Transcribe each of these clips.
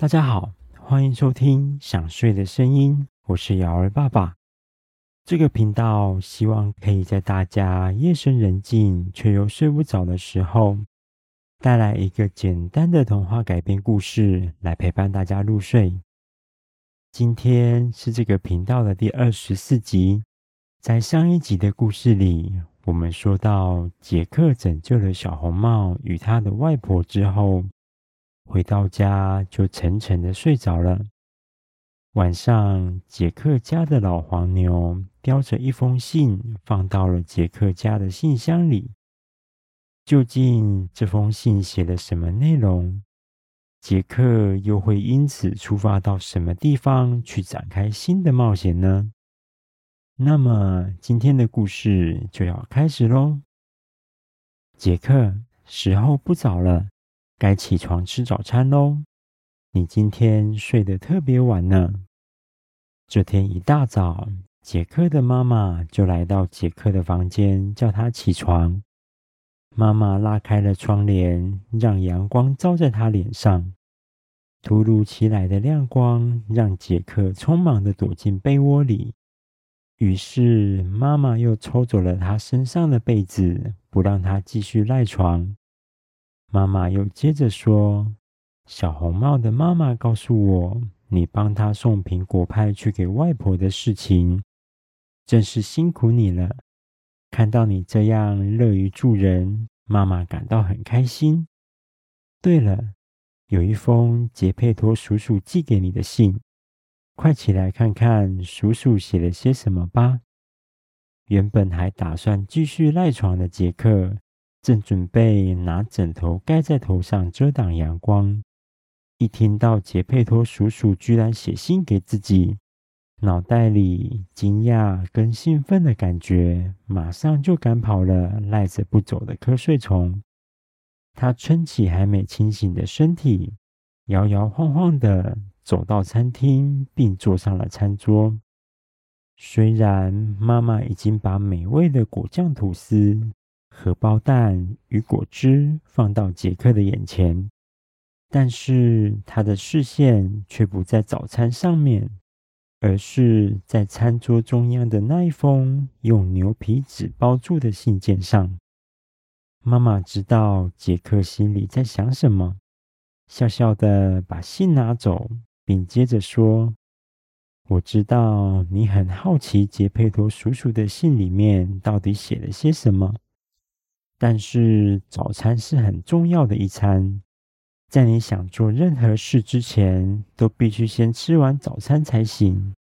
大家好，歡迎收聽《想睡的聲音》，我是堯兒爸爸。這個頻道希望可以在大家夜深人靜卻又睡不着的時候，帶來一個簡單的童話改編故事來陪伴大家入睡。今天是這個頻道的第二十四集。在上一集的故事裡，我們說到傑克拯救了小紅帽與他的外婆之後。回到家就沉沉的睡着了。晚上，傑克家的老黃牛叼着一封信放到了傑克家的信箱裡。究竟這封信寫了什麼內容？傑克又會因此出發到什麼地方去展開新的冒險呢？那麼，今天的故事就要開始嘍。傑克，時候不早了。該起床吃早餐嘍！你今天睡得特別晚呢。這天一大早，傑克的媽媽就來到傑克的房間，叫他起床。媽媽拉開了窗簾，讓陽光照在他臉上。突如其來的亮光讓傑克匆忙地躲進被窩裡。於是，媽媽又抽走了他身上的被子，不讓他繼續賴床。媽媽又接着說：“小紅帽的媽媽告訴我，你幫她送蘋果派去給外婆的事情，真是辛苦你了。看到你這樣樂於助人，媽媽感到很開心。對了，有一封傑佩托叔叔寄給你的信，快起來看看叔叔寫了些什麼吧。”原本還打算繼續賴床的傑克。正準備拿枕頭蓋在頭上遮擋陽光，一聽到傑佩托叔叔居然寫信給自己，腦袋裡驚訝跟興奮的感覺馬上就趕跑了賴着不走的瞌睡蟲。他撐起還沒清醒的身體，搖搖晃晃地走到餐廳，並坐上了餐桌。雖然媽媽已經把美味的果醬吐司，荷包蛋與果汁放到傑克的眼前，但是他的視線卻不在早餐上面，而是在餐桌中央的那一封用牛皮紙包住的信件上。媽媽知道傑克心裡在想什麼，笑笑的把信拿走，並接着說：“我知道你很好奇傑佩托叔叔的信裡面到底寫了些什麼。”但是早餐是很重要的一餐，在你想做任何事之前，都必須先吃完早餐才行。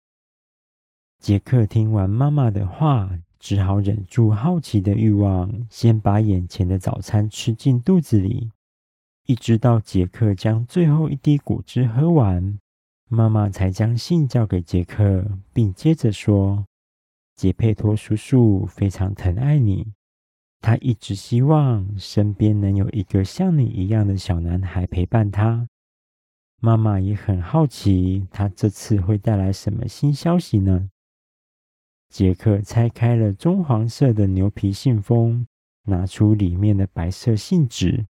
杰克聽完媽媽的話，只好忍住好奇的欲望，先把眼前的早餐吃進肚子裡。一直到杰克將最後一滴果汁喝完，媽媽才將信交給杰克，並接着說：“杰佩托叔叔非常疼愛你。”他一直希望身邊能有一個像你一樣的小男孩陪伴他。媽媽也很好奇，他這次會帶來什麼新消息呢？傑克拆開了棕黃色的牛皮信封，拿出裡面的白色信紙。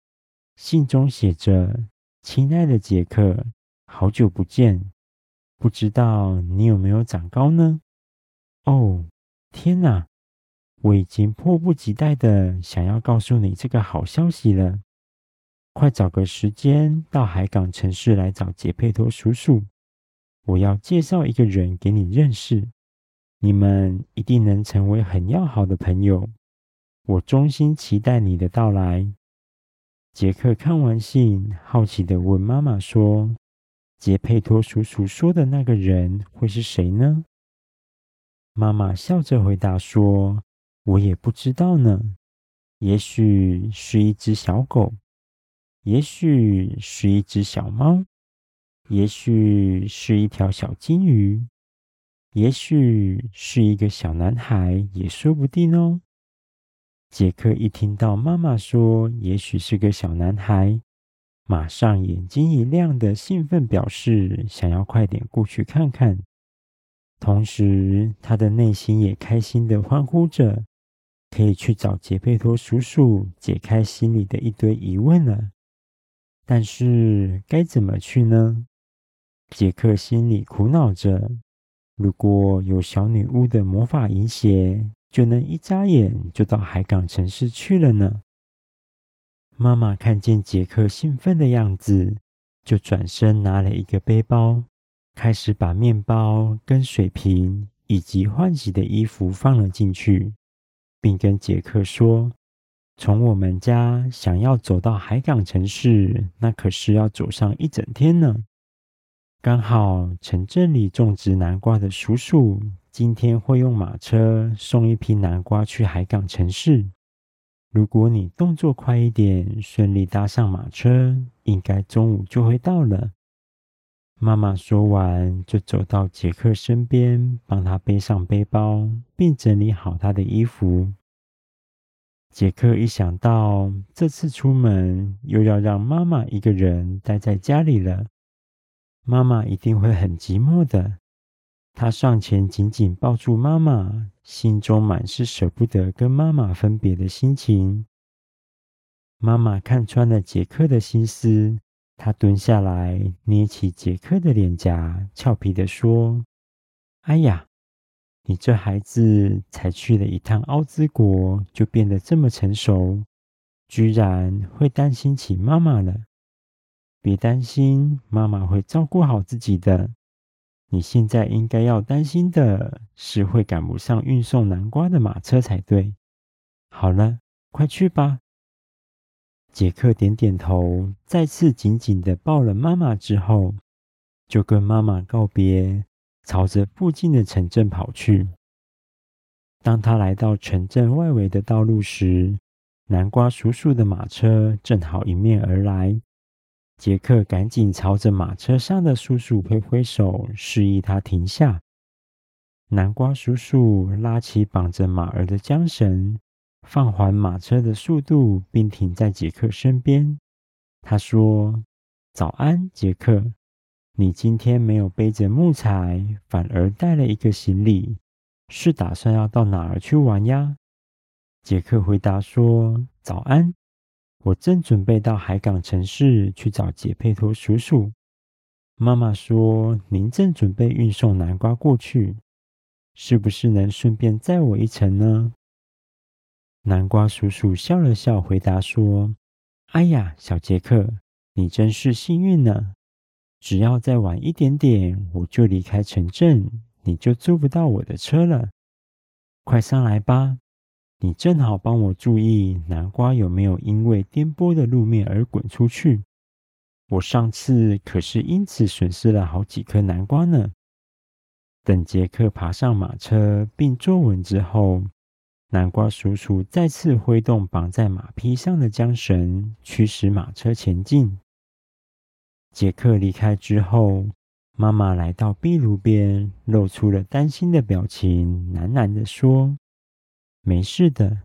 信中寫着：“親愛的傑克，好久不見，不知道你有沒有長高呢？”哦，天哪！我已經迫不及待的想要告訴你這個好消息了！快找個時間到海港城市來找傑佩托叔叔，我要介紹一個人給你認識，你們一定能成為很要好的朋友。我衷心期待你的到來。傑克看完信，好奇的問媽媽說：“傑佩托叔叔說的那個人會是誰呢？”媽媽笑着回答說。我也不知道呢，也許是一隻小狗，也許是一隻小貓，也許是一條小金魚，也許是一個小男孩，也說不定哦。傑克一聽到媽媽說“也許是個小男孩”，馬上眼睛一亮地興奮表示想要快點過去看看，同時他的內心也開心的歡呼着。可以去找傑佩托叔叔解開心裡的一堆疑問了，但是該怎麼去呢？傑克心裡苦惱着，如果有小女巫的魔法銀鞋，就能一眨眼就到海港城市去了呢。媽媽看見傑克興奮的樣子，就轉身拿了一個背包，開始把麵包、跟水瓶以及換洗的衣服放了進去。並跟傑克說：“從我們家想要走到海港城市，那可是要走上一整天呢。剛好城鎮裡種植南瓜的叔叔，今天會用馬車送一批南瓜去海港城市。如果你動作快一點，順利搭上馬車，應該中午就會到了。”媽媽說完，就走到傑克身邊，幫他背上背包，並整理好他的衣服。傑克一想到這次出門又要讓媽媽一個人待在家裡了，媽媽一定會很寂寞的。他上前緊緊抱住媽媽，心中滿是捨不得跟媽媽分別的心情。媽媽看穿了傑克的心思，他蹲下來，捏起傑克的臉頰，俏皮地說：“哎呀，你這孩子，才去了一趟奧茲國，就變得這麼成熟，居然會擔心起媽媽了。別擔心，媽媽會照顧好自己的。你現在應該要擔心的是會趕不上運送南瓜的馬車才對。好了，快去吧。”傑克點點頭，再次緊緊地抱了媽媽之後，就跟媽媽告別，朝着附近的城鎮跑去。當他來到城鎮外圍的道路時，南瓜叔叔的馬車正好迎面而來。傑克趕緊朝着馬車上的叔叔揮揮手，示意他停下。南瓜叔叔拉起綁着馬兒的韁繩。放緩馬車的速度，並停在傑克身邊。他說：“早安，傑克，你今天沒有背着木材，反而帶了一個行李，是打算要到哪兒去玩呀？”傑克回答說：“早安，我正準備到海港城市去找傑佩托叔叔。媽媽說您正準備運送南瓜過去，是不是能順便載我一程呢？”南瓜叔叔笑了笑，回答說：“哎呀，小傑克，你真是幸運呢！只要再晚一點點，我就離開城鎮，你就坐不到我的車了。快上來吧，你正好幫我注意南瓜有沒有因為顛簸的路面而滾出去。我上次可是因此損失了好幾顆南瓜呢。”等傑克爬上馬車並坐穩之後，南瓜叔叔再次揮動綁在馬匹上的韁繩，驅使馬車前進。傑克離開之後，媽媽來到壁爐邊，露出了擔心的表情，喃喃地說：“沒事的，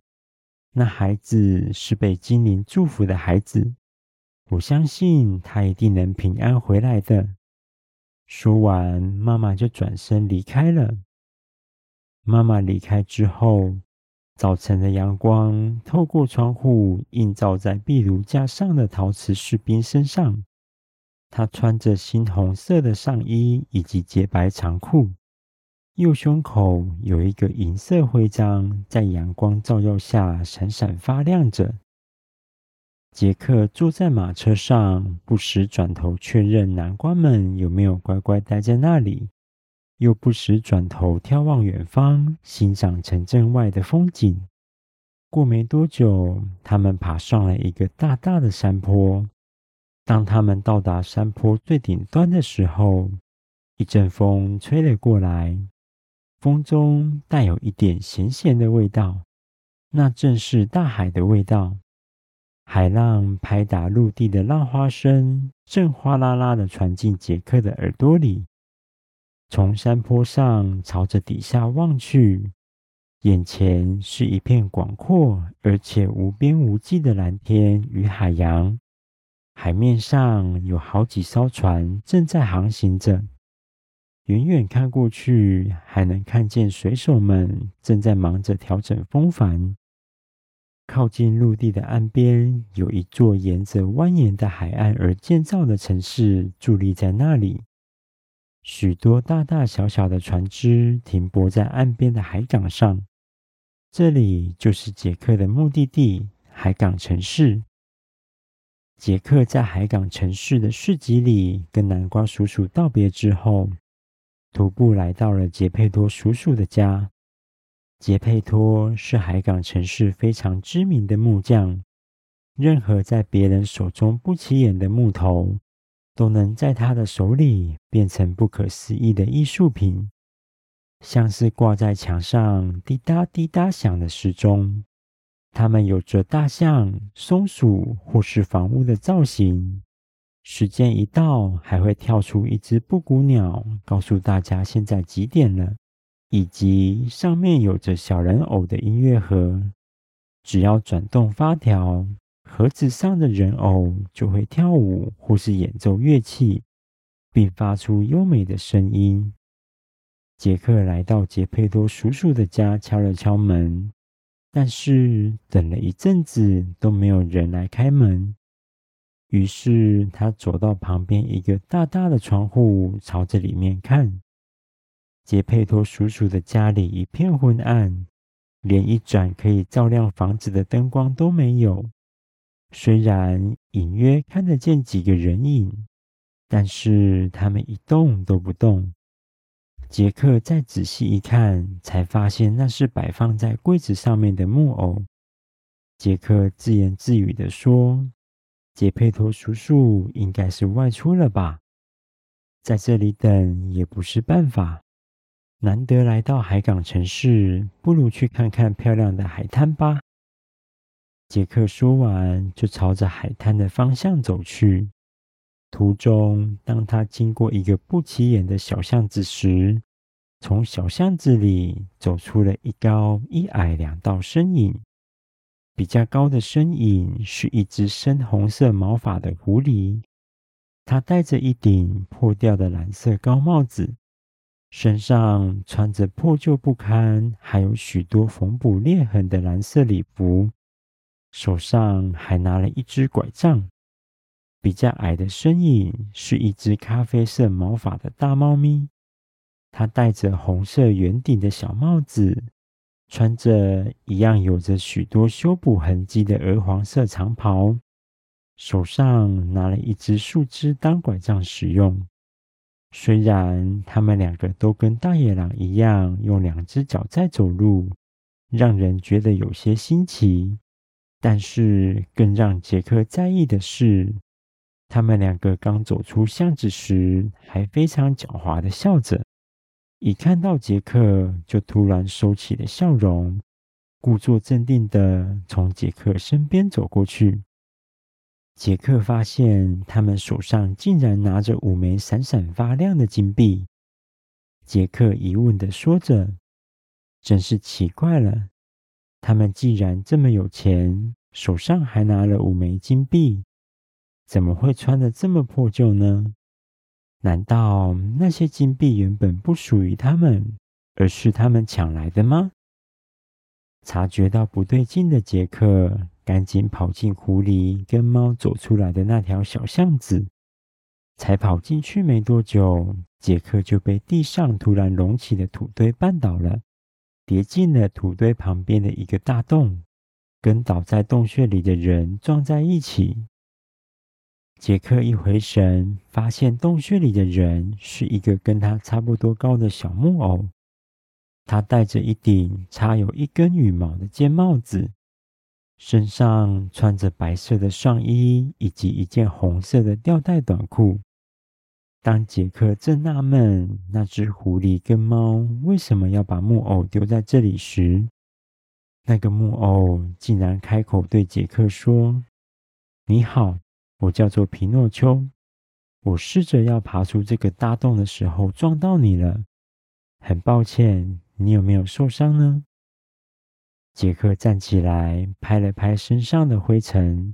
那孩子是被精靈祝福的孩子，我相信他一定能平安回來的。”說完，媽媽就轉身離開了。媽媽離開之後，早晨的陽光透過窗戶，映照在壁爐架上的陶瓷士兵身上。他穿着猩紅色的上衣以及潔白長褲，右胸口有一個銀色徽章，在陽光照耀下閃閃發亮着。傑克坐在馬車上，不時轉頭確認南瓜們有沒有乖乖待在那裡。又不時轉頭眺望遠方，欣賞城鎮外的風景。過沒多久，他們爬上了一個大大的山坡。當他們到達山坡最頂端的時候，一陣風吹了過來，風中帶有一點鹹鹹的味道，那正是大海的味道。海浪拍打陸地的浪花聲，正嘩啦啦的傳進傑克的耳朵裡。從山坡上朝着底下望去，眼前是一片廣闊而且無邊無際的藍天與海洋。海面上有好幾艘船正在航行着，遠遠看過去還能看見水手們正在忙着調整風帆。靠近陸地的岸邊，有一座沿着蜿蜒的海岸而建造的城市矗立在那裡。許多大大小小的船隻停泊在岸邊的海港上，這裡就是傑克的目的地——海港城市。傑克在海港城市的市集裡跟南瓜叔叔道別之後，徒步來到了傑佩托叔叔的家。傑佩托是海港城市非常知名的木匠，任何在別人手中不起眼的木頭，都能在他的手裡變成不可思議的藝術品，像是掛在牆上滴答滴答響的時鐘。它們有着大象、松鼠或是房屋的造型，時間一到還會跳出一隻布穀鳥，告訴大家現在幾點了。以及上面有着小人偶的音樂盒，只要轉動發條。盒子上的人偶就會跳舞，或是演奏樂器，並發出優美的聲音。傑克來到傑佩托叔叔的家，敲了敲門，但是等了一陣子都沒有人來開門。於是他走到旁邊一個大大的窗戶，朝着裡面看。傑佩托叔叔的家裡一片昏暗，連一盞可以照亮房子的燈光都沒有。雖然隱約看得見幾個人影，但是他們一動都不動。傑克再仔細一看，才發現那是擺放在櫃子上面的木偶。傑克自言自語地說：“傑佩托叔叔應該是外出了吧？在這裡等也不是辦法。難得來到海港城市，不如去看看漂亮的海灘吧。”傑克說完，就朝着海灘的方向走去。途中，當他經過一個不起眼的小巷子時，從小巷子裡走出了一高一矮兩道身影。比較高的身影是一只深紅色毛髮的狐狸，它戴着一頂破掉的藍色高帽子，身上穿着破舊不堪、還有許多縫補裂痕的藍色禮服。手上還拿了一只拐杖，比較矮的身影是一只咖啡色毛髮的大貓咪，它戴着紅色圓頂的小帽子，穿着一樣有着許多修補痕跡的鵝黃色長袍，手上拿了一只樹枝當拐杖使用。雖然他們兩個都跟大野狼一樣用兩只腳在走路，讓人覺得有些新奇。但是，更讓傑克在意的是，他們兩個剛走出巷子時還非常狡猾的笑着，一看到傑克就突然收起了笑容，故作鎮定地從傑克身邊走過去。傑克發現他們手上竟然拿着五枚閃閃閃發亮的金幣。傑克疑問的說着：“真是奇怪了。”他們既然這麼有錢，手上還拿了五枚金幣，怎麼會穿得這麼破舊呢？難道那些金幣原本不屬於他們，而是他們搶來的嗎？察覺到不對勁的傑克，趕緊跑進狐狸跟貓走出來的那條小巷子。才跑進去沒多久，傑克就被地上突然隆起的土堆絆倒了。跌進了土堆旁邊的一個大洞，跟倒在洞穴裡的人撞在一起。傑克一回神，發現洞穴裡的人是一個跟他差不多高的小木偶。他戴着一頂插有一根羽毛的尖帽子，身上穿着白色的上衣以及一件紅色的吊帶短褲。當傑克正納悶那隻狐狸跟貓為什麼要把木偶丟在這裡時，那個木偶竟然開口對傑克說：“你好，我叫做皮諾丘。我試着要爬出這個大洞的時候撞到你了，很抱歉。你有沒有受傷呢？”傑克站起來，拍了拍身上的灰塵。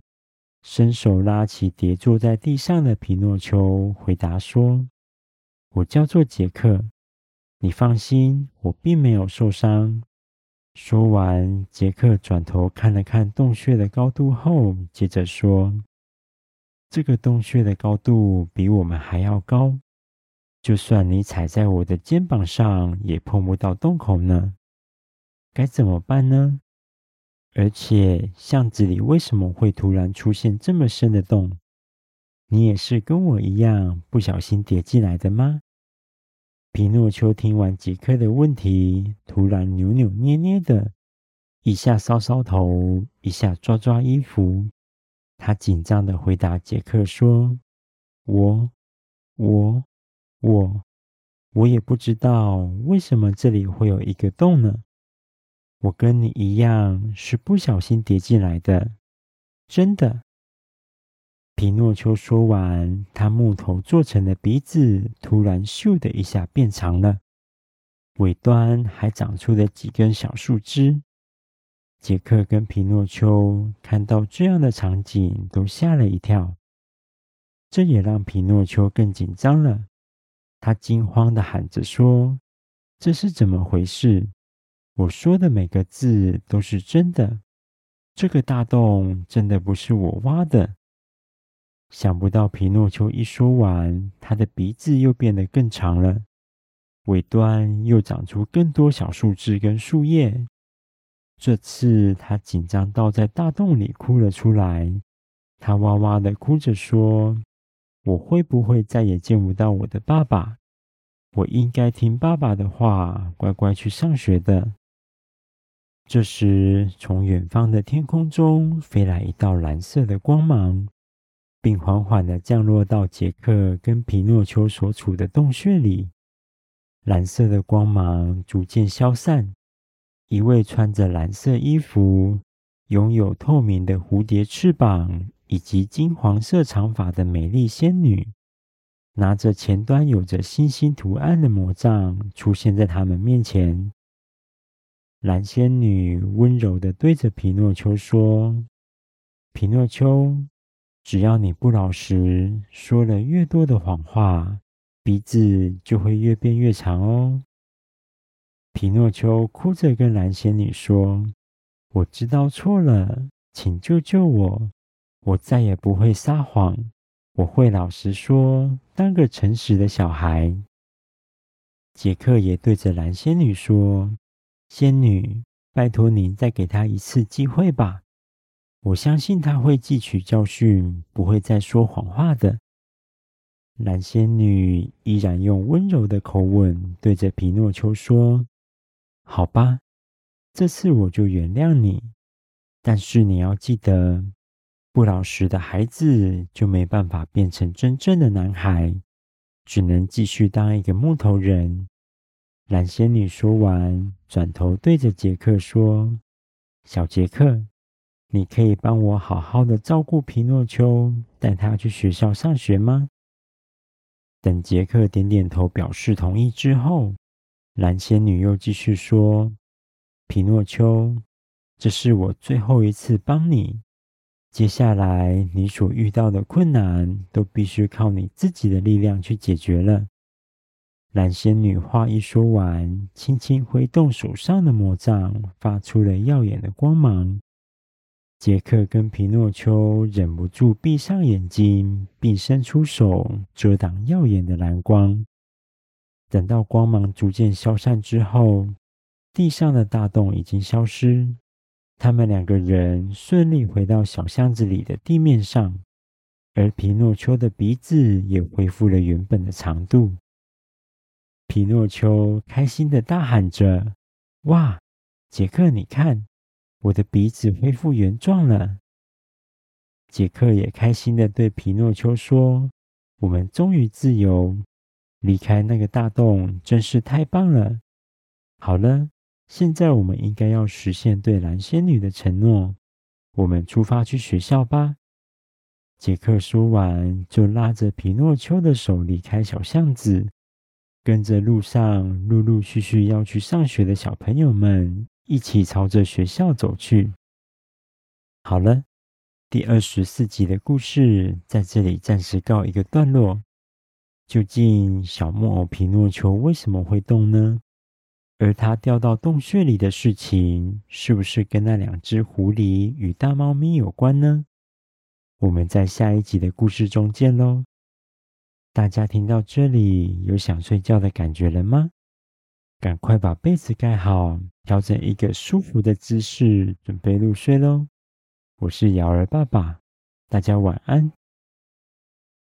伸手拉起跌坐在地上的皮諾丘，回答說：“我叫做傑克，你放心，我並沒有受傷。”說完，傑克轉頭看了看洞穴的高度後，接着說：“這個洞穴的高度比我們還要高，就算你踩在我的肩膀上，也碰不到洞口呢。該怎麼辦呢？”而且巷子裡為什麼會突然出現這麼深的洞？你也是跟我一樣不小心跌進來的嗎？皮諾丘聽完傑克的問題，突然扭扭捏捏的，一下搔搔頭，一下抓抓衣服。他緊張的回答傑克說：“我，我，我，我也不知道為什麼這裡會有一個洞呢。”我跟你一樣是不小心跌進來的，真的。皮諾丘說完，他木頭做成的鼻子突然咻的一下變長了，尾端還長出了幾根小樹枝。傑克跟皮諾丘看到這樣的場景，都嚇了一跳。這也讓皮諾丘更緊張了，他驚慌的喊着說：“這是怎麼回事？”我說的每個字都是真的，這個大洞真的不是我挖的。想不到皮諾丘一說完，他的鼻子又變得更長了，尾端又長出更多小樹枝跟樹葉。這次他緊張到在大洞裡哭了出來，他哇哇地哭着說：“我會不會再也見不到我的爸爸？我應該聽爸爸的話，乖乖去上學的。”這時，從遠方的天空中飛來一道藍色的光芒，並緩緩的降落到傑克跟皮諾丘所處的洞穴裡。藍色的光芒逐漸消散，一位穿着藍色衣服、擁有透明的蝴蝶翅膀以及金黃色長髮的美麗仙女，拿着前端有着星星圖案的魔杖，出現在他們面前。藍仙女溫柔地對着皮諾丘說：“皮諾丘，只要你不老實，說了越多的謊話，鼻子就會越變越長哦。”皮諾丘哭着跟藍仙女說：“我知道錯了，請救救我！我再也不會撒謊，我會老實說，當個誠實的小孩。”傑克也對着藍仙女說，仙女，拜託您再給他一次機會吧。我相信他會汲取教訓，不會再說謊話的。藍仙女依然用溫柔的口吻對着皮諾丘說：“好吧，這次我就原諒你。但是你要記得，不老實的孩子就沒辦法變成真正的男孩，只能繼續當一個木頭人。”藍仙女說完，轉頭對着傑克說：“小傑克，你可以幫我好好的照顧皮諾丘，帶他去學校上學嗎？”等傑克點點頭表示同意之後，藍仙女又繼續說：“皮諾丘，這是我最後一次幫你，接下來你所遇到的困難都必須靠你自己的力量去解決了。”藍仙女話一說完，輕輕揮動手上的魔杖，發出了耀眼的光芒。傑克跟皮諾丘忍不住閉上眼睛，並伸出手遮擋耀眼的藍光。等到光芒逐漸消散之後，地上的大洞已經消失，他們兩個人順利回到小巷子裡的地面上，而皮諾丘的鼻子也恢復了原本的長度。皮諾丘開心的大喊着：“哇，傑克，你看，我的鼻子恢復原狀了。”傑克也開心的對皮諾丘說：“我們終於自由，離開那個大洞，真是太棒了。好了，現在我們應該要實現對藍仙女的承諾，我們出發去學校吧。”傑克說完，就拉着皮諾丘的手離開小巷子。跟着路上陸陸續續要去上學的小朋友們一起朝着學校走去。好了，第二十四集的故事在這裡暫時告一個段落。究竟小木偶皮諾丘為什麼會動呢？而他掉到洞穴裡的事情，是不是跟那兩隻狐狸與大貓咪有關呢？我們在下一集的故事中見嘍。大家聽到這裡，有想睡覺的感覺了嗎？趕快把被子蓋好，調整一個舒服的姿勢，準備入睡嘍！我是堯兒爸爸，大家晚安。